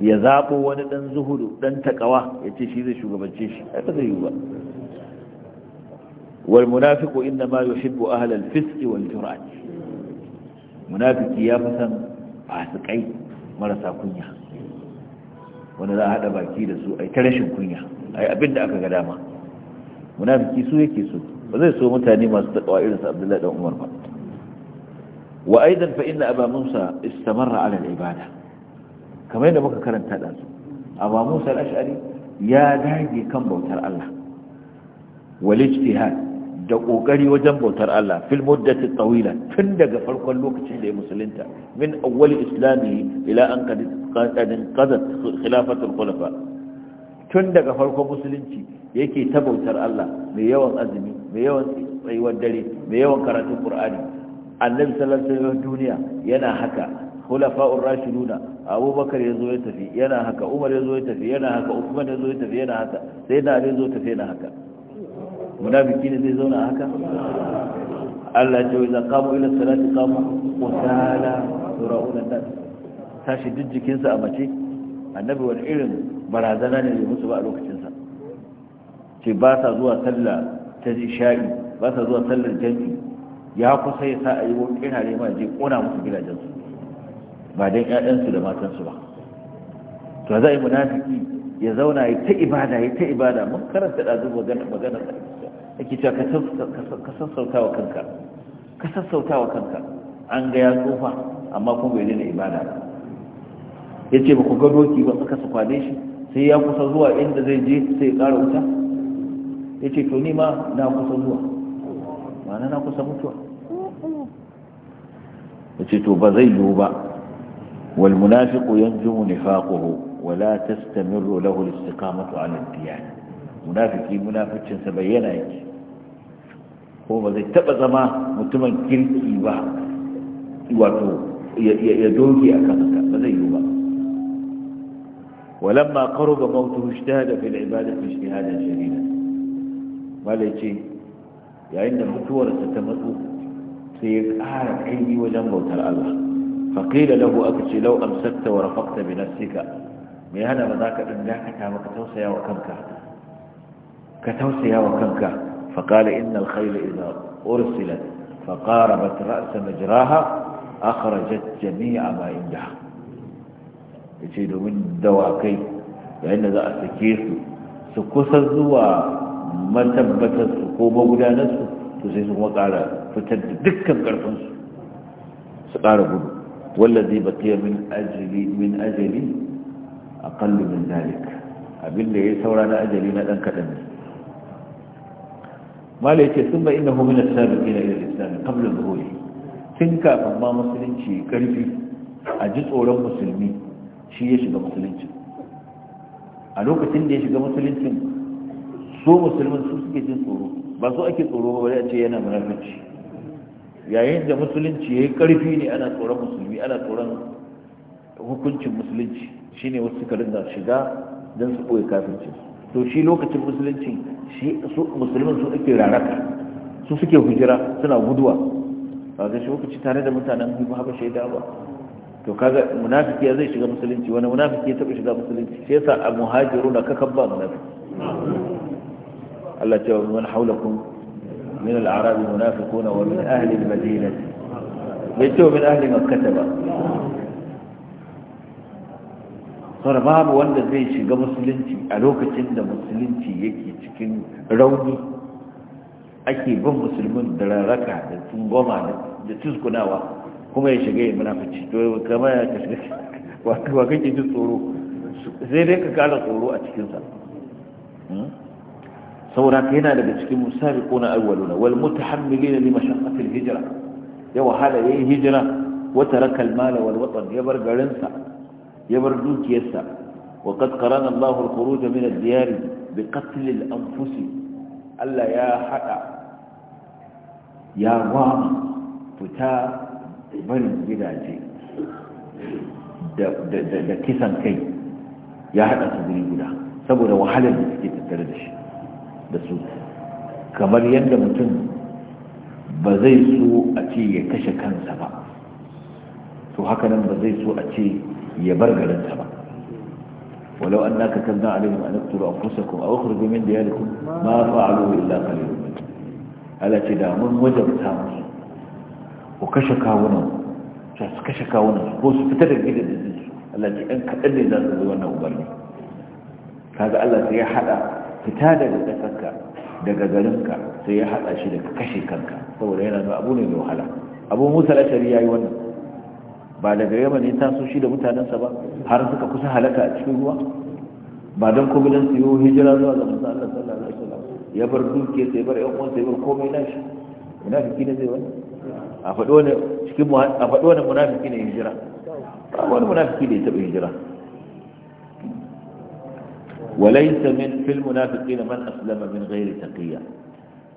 ya zaɓo wani ɗan zuhudu ɗan taƙawa ya ce shi zai shugabance shi haka zai yi ba wal munafiqu inna ma yuhibbu ahlal fisq wal jur'at munafiki ya fi san fasikai marasa kunya Wani za a haɗa baki da su a yi ta rashin kunya a yi abin da aka ga dama munafiki su yake so ba zai so mutane masu taɓawa irin su abdullahi ɗan umar ba wa aidan fa inna aba musa istamarra ala al-ibada kamar yadda muka karanta da su aba musa al-ash'ari ya dage kan bautar Allah wal ijtihad da ƙoƙari wajen bautar Allah fil muddati tawila tun daga farkon lokacin da ya musulunta min awwal islamihi ila an qadin qadat khilafatul khulafa tun daga farkon musulunci yake ta bautar Allah mai yawan azumi mai yawan tsayuwar dare mai yawan karatun qur'ani annabi sallallahu alaihi wasallam duniya yana haka khulafa'ur rashiduna abubakar ya zo ya tafi yana haka umar ya zo ya tafi yana haka usman ya zo ya tafi yana haka sai na ali zo tafi yana haka munafiki ne zai zauna haka Allah ya ce wa zaqamu ila salati qamu qutala yurauna nas tashi dijjikin sa a mace annabi wani irin barazana ne musu ba a lokacin sa ce ba sa zuwa sallah ta shari ba sa zuwa sallar jam'i? ya kusa ya sa a yi wani kirare ma je kona musu gidajen su ba dan su da matansu ba to za a yi munafiki ya zauna ya ta ibada ya ta ibada mun karanta ɗazu magana magana ake cewa ka sassauta wa kanka ka sassauta wa kanka an ga ya tsufa amma kuma bai daina ibada ba ya ce ba ku ga doki ba suka su kwade shi sai ya kusa zuwa inda zai je sai ya ƙara wuta ya ce to ni ma na kusa zuwa ma'ana na kusa mutuwa ya ce to ba zai yiwu ba wal munafiqu yanjumu nifaquhu wala tastamirru lahu al-istiqamatu ala ad-diyan munafiki munaficin sa bayyana yake ko ba zai taba zama mutumin kirki ba wato ya doge a kan haka ba zai yi ba walamma qaruba mautuhu ijtahada fil ibadati ijtihadan shadida malai ce yayin da mutuwarsa ta matsu sai ya ƙara kaimi wajen bautar Allah faqila lahu aka ce law amsakta wa rafaqta bi nafsika me hana ba za ka dan dakata ba ka tausaya wa kanka ka tausaya wa kanka فقال إن الخيل إذا أرسلت فقاربت رأس مجراها أخرجت جميع ما عندها يجد من دواكي لأن ذا أسكيس سكس الزوا متبت السكوبة ولا نسو تسيس وقال فتد دكا قرفنس سقار بلو والذي بقي من أجل من أجل أقل من ذلك أبين لي سورانا أجلنا أنك تنسو mala yake sun ba inda homina sabin ila ila islami kamar zuhuri tun kafin ma musulunci karfi a ji tsoron musulmi shi ya shiga musulunci a lokacin da ya shiga musuluncin so musulmin su suke jin tsoro ba so ake tsoro ba wani a ce yana munafici yayin da musulunci ya yi karfi ne ana tsoron musulmi ana tsoron hukuncin musulunci shine wasu suka rinda shiga don su ɓoye kafircinsu to shi lokacin musulunci shi musulmin su ake raraka su suke hujira suna guduwa ba ga shi lokaci tare da mutanen hibu haka shaida ba to kaga munafiki ya zai shiga musulunci wani munafiki ya taba shiga musulunci sai yasa al muhajiruna kakan ba munafiki Allah ce wa man haulakum min al arabi munafiquna wa min ahli al madinati bai ce min ahli makkah ba saboda babu wanda zai shiga musulunci a lokacin da musulunci yake cikin rauni ake bin musulmin da rarraka da tungoma da tuskunawa kuma ya shiga ya munafici to kama ya ka shiga wa kake ji tsoro sai dai ka kala tsoro a cikinsa hmm? saboda ka yana daga cikin na musabiquna awwaluna wal mutahammilina li mashaqqati al hijira ya wahala yayi hijra wa taraka al mala wal watan ya bar garinsa ya bar dukiyarsa wa qad qarana Allahu al ziyari, min ad-diyar Allah ya hada ya gwama fita barin gidaje da kisan kai ya hada su guri guda saboda wahalar da suke tattare da shi da su kamar yadda mutum ba zai so a ce ya kashe kansa ba to haka nan ba zai so a ce ya bar garinta ba walau an naka kan zan alimin an akturu a kusa kuma a wakar gomin da yalikun ma fa a fa'alu illa kalilun ala ce da mun wajabta musu ku kashe kawunan su su kashe kawunan ko su fita da gidan da su Allah ce ɗan kaɗan ne za su zo wannan umarni kaga Allah sai ya haɗa fita daga ƙasarka daga garinka sai ya haɗa shi daga kashe kanka saboda yana zuwa abu ne mai wahala abu musa lashari ya yi wannan ba daga yaba ne taso shi da mutanensa ba har suka kusa halaka a cikin ruwa ba don kuma don su yi hijira zuwa ga musa Allah sallallahu alaihi wasallam ya bar duke sai bar yan uwansa ya bar komai nashi munafiki ne zai wani a faɗi wani cikin a faɗi wani munafiki ne hijira ba wani munafiki ne ya taɓa hijira وليس من في المنافقين من أسلم من غير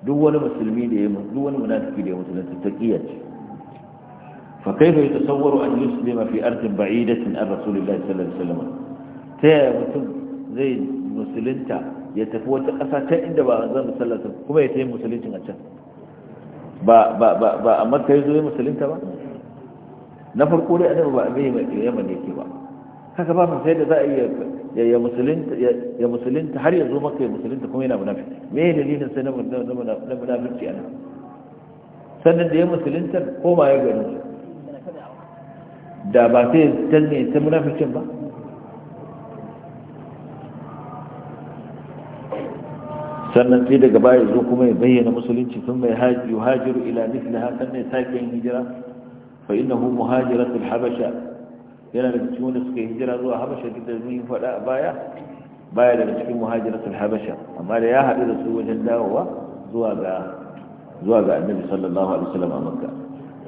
duk wani مسلمين دول ya musulunci مسلمين تقية فكيف يتصور أن يسلم في أرض بعيدة عن رسول الله صلى الله عليه وسلم تيا زي مسلمتا يتفوت قسا تا inda ba zan musallata kuma yayi musuluncin a can ba ba ba ba amma kai ba na farko dai annabi ba bai mai yaman yake ba kaga ba sai da za a iya ya har ya zo maka ya kuma yana munafiki me dalilin sai na sannan da ya ya da ba sai danne ta munafikin ba sannan sai daga baya zo kuma ya bayyana musulunci sun mai hajiru ila mislaha sannan ya sake yin hijira fa innahu muhajiratul habasha yana daga cikin wanda suka hijira zuwa habasha duk da mun faɗa a baya baya daga cikin muhajiratul habasha amma da ya haɗu da su wajen dawowa zuwa ga zuwa ga annabi sallallahu alaihi wasallam a makka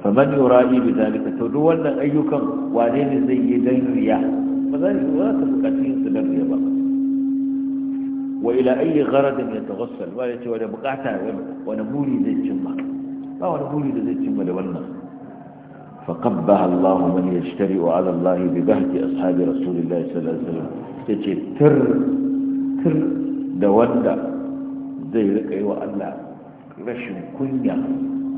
فمن يرائي بذلك تدول لن أيكم وعليه زي رياح فذلك هو لا تبقاتين سنرية بقى وإلى أي غرض يتغسل وعليه وعليه بقعتها ونبولي ذي الجمع ما ونبولي ذي الجمع لولنا فقبها الله من يشترئ على الله ببهد أصحاب رسول الله صلى الله عليه وسلم يجي تر تر دولنا ذي رقعي وألا رشم كنيا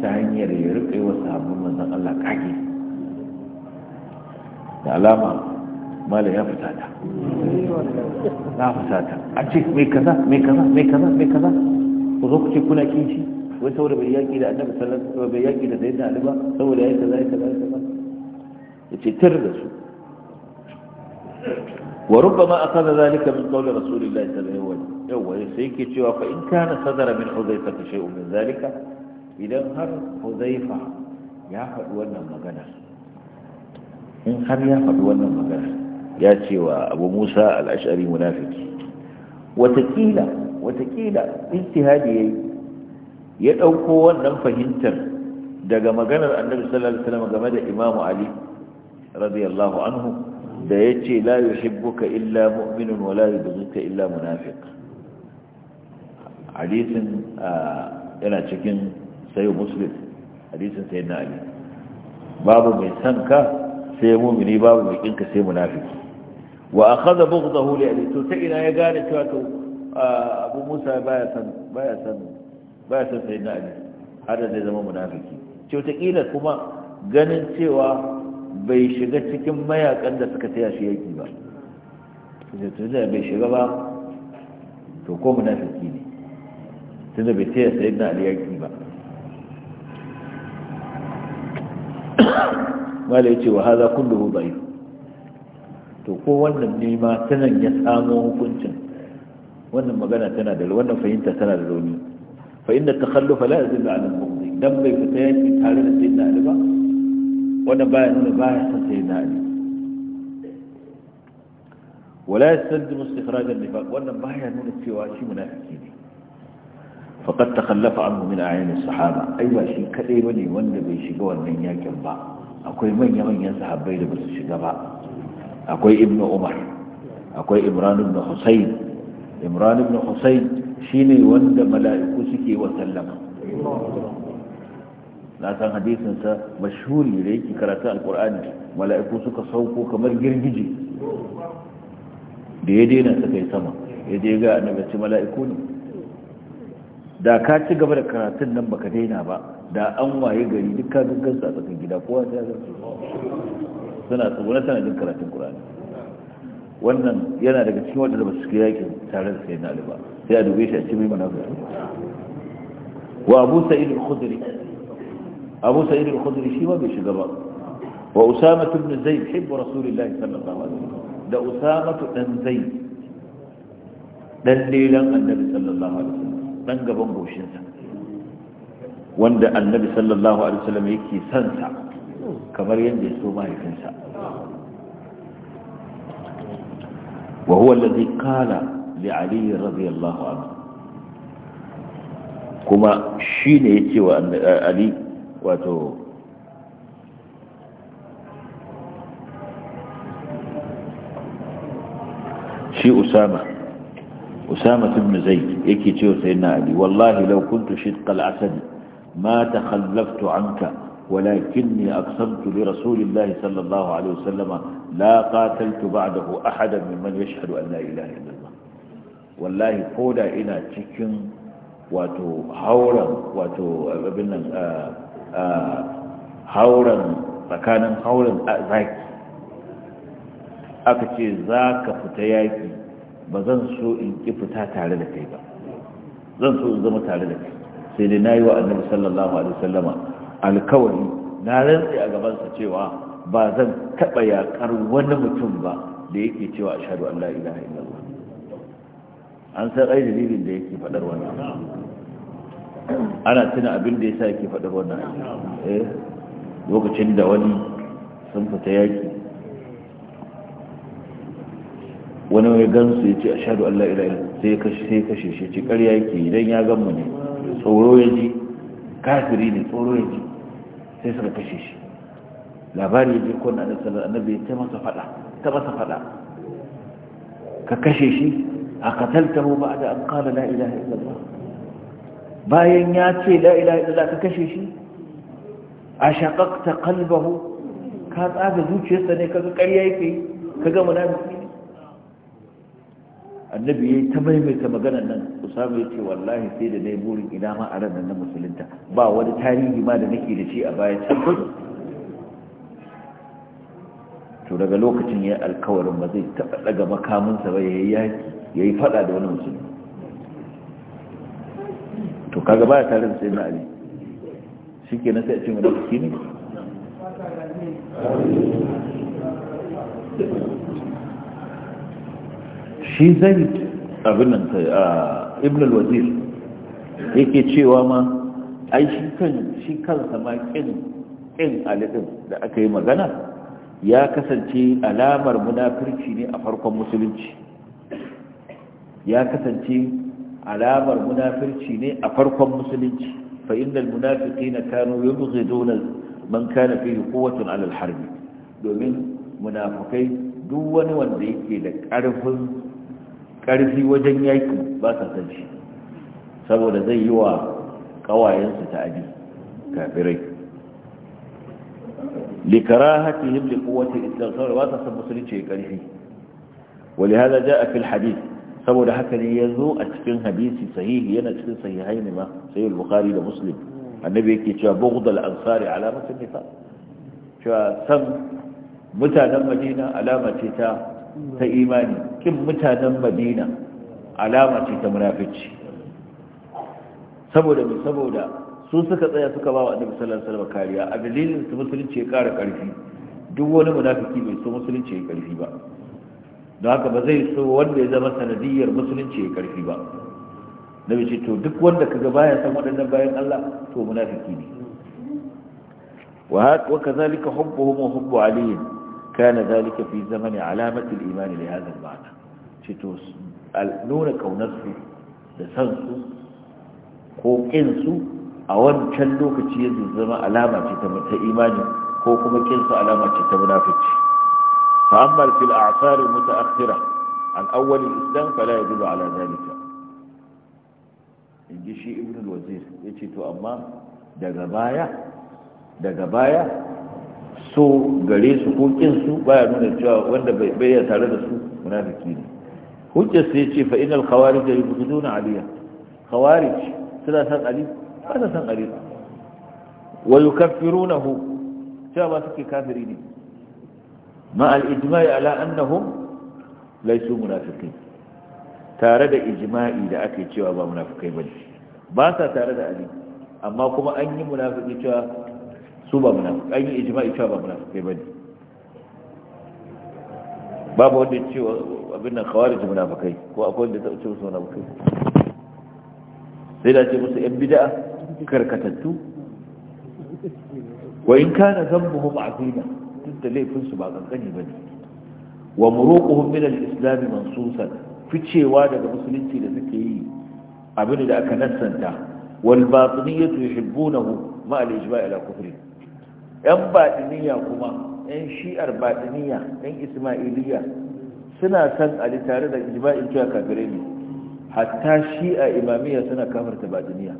ta hanyar ya riƙe wa sahabban manzon Allah kage da alama mala ya fusata na fusata a ce mai kaza mai kaza mai kaza mai kaza ku zo ku ce kuna kinci wai saboda bai yaƙi da annabi sallallahu alaihi bai yaƙi da sayyidina ali ba saboda yayi kaza ya kaza kaza yace tir da su wa rubbama akada zalika min qawli rasulillahi sallallahu alaihi wasallam yawa sai yake cewa fa in kana sadara min hudayfa shay'un min zalika idan har huzaifa ya faɗi wannan magana in har ya faɗi wannan magana ya ce wa abu musa al'ashari munafiki watakila watakila ijtihadi yayi ya ɗauko wannan fahimtar daga maganar annabi sallallahu alaihi wasallam game da imamu ali radiyallahu anhu da ya ce, la shibbuka illa mu'minun wa la yubghiduka illa munafiq hadisin ah, yana cikin sai muslim hadisin sai na ali babu mai san ka sai mumini babu mai kinka sai munafiki wa akhadha bughdahu li ali to ta ina ya gane cewa to abu musa baya san baya san baya san sai na ali har da zama munafiki ce ta kila kuma ganin cewa bai shiga cikin mayakan da suka taya shi yaki ba to da bai shiga ba to ko munafiki ne tunda bai taya sayyidina ali yaki ba ya ce wa haza hadha kulluhu da'if to ko wannan nema ma sanan ya samu hukuncin wannan magana tana da wannan fahimta tana da rauni fa inda takhallufa la yazillu ala al-mubdi dan bai fita yaki tare da sayyidina ali ba wannan baya nuna baya san sayyidina ali wala yastaddu istikhraj an-nifaq wannan baya nuna cewa shi munafiki ne faƙad ta kallafa an min ayyana sahaba ai ba shi kaɗai ba ne wanda bai shiga wannan yakin ba akwai manya-manyan sahabbai da ba su shiga ba akwai ibn umar akwai imran ibn husayn imran ibn husayn shine wanda mala'iku suke wa sallama na san hadisinsa mashuri da yake karatun Alƙur'ani, mala'iku suka sauko kamar girgije da ya daina suka yi sama ya je ga annabi mala'iku ne da ka ci gaba da karatun nan baka daina ba da an waye gari duk ka su a tsakan gida kowa ta yi suna tsibuna tana jin karatun kurani wannan yana daga cikin waɗanda ba su ke yakin tare da sayan aliba sai a dubi shi a cikin mana fito wa abu sa'id al-khudri abu sa'id al-khudri shi ma bai shiga ba wa usama ibn zayd hibbu rasulillahi sallallahu alaihi wasallam da usama ibn zayd dan dilan annabi sallallahu alaihi wasallam dan gaban goshinsa wanda annabi sallallahu alaihi wasallam yake sansa kamar yadda ya so mahaifinsa wa huwa alladhi qala li ali radiyallahu anhu kuma shine yace wa ali wato shi usama usama ibn zaid yake cewa sayyidina ali wallahi law kuntu shidqa al-asad ma takhallaftu anka ولكني ne لرسول الله صلى الله عليه وسلم لا قاتلت بعده أحدا ممن يشهد أن لا إله إلا الله والله قولا إنا تكن tsakanin hauren zaki aka ce za ka fita yaki ba zan so in ki fita tare da kai ba zan so in zama tare da kai sai dai nayi wa annabi sallallahu alaihi wasallama alkawari na rantsi a gaban sa cewa ba zan taba yakar wani mutum ba da yake cewa ashhadu an la ilaha illallah an san ai dalilin da yake fadar wannan ana tuna abin da yasa yake fadar wannan eh lokacin da wani sun fita yaki wani ya su ya ce a shaɗu Allah ila sai ya kashe shi ce ƙarya yake idan ya gan mu ne tsoro ya ji kafiri ne tsoro ya ji sai suka kashe shi labari ya je na da sallar annabi ta masa faɗa ta masa faɗa ka kashe shi a kataltahu ba da an kala la ilaha illallah bayan ya ce la ilaha illallah ka kashe shi a shaƙaƙta kalbahu ka tsaga zuciyarsa ne kaga ƙarya yake kaga munafiki annabi ya yi ta maimaita maganar nan usama ya ce wallahi sai da na burin ina ma a ranar na musulunta ba wani tarihi ma da nake da shi a baya tabbas to daga lokacin ya alkawarin ba zai taɓa daga makaminsa ba ya yi yaki ya yi faɗa da wani musulmi to kaga ba ya tarin sai na ali shi ke na sai wani ne shi zai abin nan ibn al-wazir yake cewa ma ai shi kan shi kansa ma kin kin alidin da aka yi magana ya kasance alamar munafirci ne a farkon musulunci ya kasance alamar munafirci ne a farkon musulunci fa innal munafiqina kanu yubghiduna man kana fihi quwwatun ala al-harb domin munafikai duk wani wanda yake da karfin ƙarfi wajen yaƙi ba sa san shi saboda zai yi wa ƙawayensu ta'adi kafirai likara hatihim li kuwatin islam saboda ba sa san musulunci ya ƙarfi wali hada ja a fil hadith saboda haka ne ya zo a cikin hadisi sahihi yana cikin sahihai ne ma sai bukhari da muslim annabi yake cewa bughdal ansari alamatin nifaq cewa san mutanen madina alama ce ta ta imani kin mutanen madina alama ce ta munafici saboda mai saboda su suka tsaya suka ba wa annabi sallallahu alaihi wasallam kariya a dalilin su musulunci ya ƙara ƙarfi duk wani munafiki bai so musulunci ya ƙarfi ba don haka ba zai so wanda ya zama sanadiyar musulunci ya ƙarfi ba na ce to duk wanda kaga baya san waɗannan bayan Allah to munafiki ne wa kazalika hubbuhum wa hubbu aliyin kana zalika fi zamani alamatul imani li hadha al-ma'na ce to nuna kaunar su da san su ko kin su a wancan lokaci yanzu zama alama ce ta mata imani ko kuma kin su alama ce ta munafici fa amma fil a'sar mutaakhira an awwal al-islam fala shi to amma daga baya so gare su ko kin su baya nuna cewa wanda bai bayyana tare da su munafiki ne hujjar sai ce fa inal khawarij yubghiduna aliya khawarij suna san ali ba sa san ali wa yukaffirunahu cewa ba suke kafiri ne ma al ijma'i ala annahum laysu munafiqin tare da ijma'i da ake cewa ba munafikai bane ba sa tare da ali amma kuma an yi munafiki cewa su ba munafukai an yi ijma'i cewa ba munafukai ba ne babu wanda ya ce abin nan khawarij kai ko akwai wanda ya ce musu kai, sai da ce musu yan bid'a karkatattu wa in kana zambuhum azima duk da laifin su ba kankani bane wa muruquhum min al-islam mansusan ficewa daga musulunci da suke yi abin da aka nassanta wal batiniyatu yuhibbunahu ma al-ijma' ala kufri yan batiniya kuma yan shi'ar batiniya yan ismailiya suna san ali tare da ijma'in cewa kafirai ne hatta shi'a Imamiya suna kafarta batiniya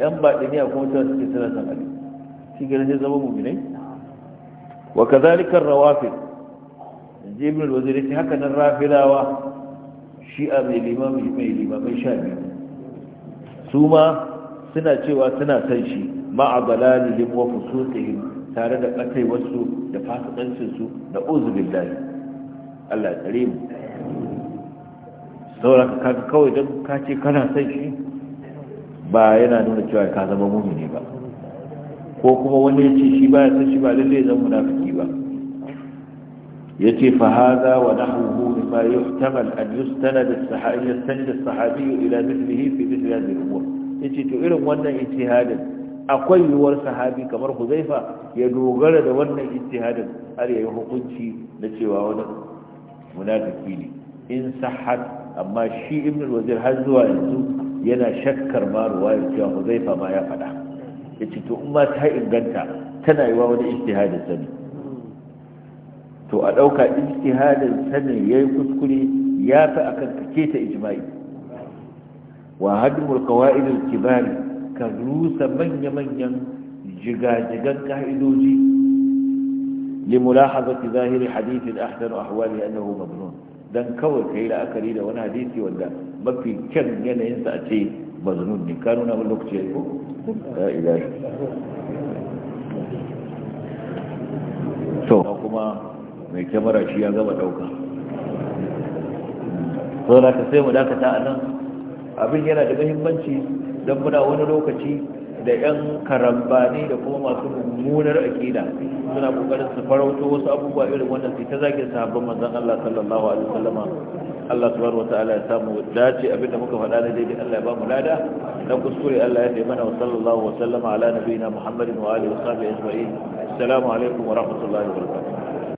yan batiniya kuma suna suke suna san ali shi gina sai zama muminai wa kazalikan rawafin jibin al-wazir ce haka nan rafilawa shi'a mai limami mai limamai sha biyu su ma suna cewa suna san shi ma'a balalihim wa fusuqihim tare da katai wasu da fasikancin su da uzubillahi Allah tsare mu saboda ka kawai don ka ce kana san shi ba yana nuna cewa ka zama mumini ba ko kuma wani ya ce shi ba ya san shi ba lalle zan munafiki ba yace fa hadha wa nahwuhu mimma yuhtamal an yustanad as-sahabi yustanad as-sahabi ila mithlihi fi mithli hadhihi al-umur yace to irin wannan ijtihadin akwai yiwuwar sahabi kamar huzaifa ya dogara da wannan ijtihadin har yayi hukunci na cewa wani munafiki ne in sahad amma shi ibn al-wazir har zuwa yanzu yana shakkar ma ruwayar cewa huzaifa ma ya faɗa yace to in ma ta inganta tana yiwa wani ijtihadin sani to a ɗauka ijtihadin sani yayi kuskure ya fi akan kake ta ijma'i wa hadmul qawaid al-kibari ka rusa manya-manyan jigajigan ka'idoji limulahazati zahiri hadithin ahsanu ahwali annahu mabnun dan kawai kai la'akari da wani hadisi wanda mafi kyan yanayinsa a ce maznun ne ka nuna wani lokaci ya ko ya ilahi to kuma mai kyamara shi ya gaba dauka saboda ka sai mu dakata a nan abin yana da muhimmanci don muna wani lokaci da 'yan karambani da kuma masu mummunar akida suna kokarin su farauto wasu abubuwa irin wannan sai ta zagin sahabban manzon Allah sallallahu alaihi wasallama Allah subhanahu wataala ya samu dace abinda muka faɗa na daidai Allah ya ba mu lada na kuskure Allah ya dai mana wa sallallahu wasallama ala nabiyina Muhammadin wa alihi wa sahbihi ajma'in assalamu alaikum wa rahmatullahi wa barakatuh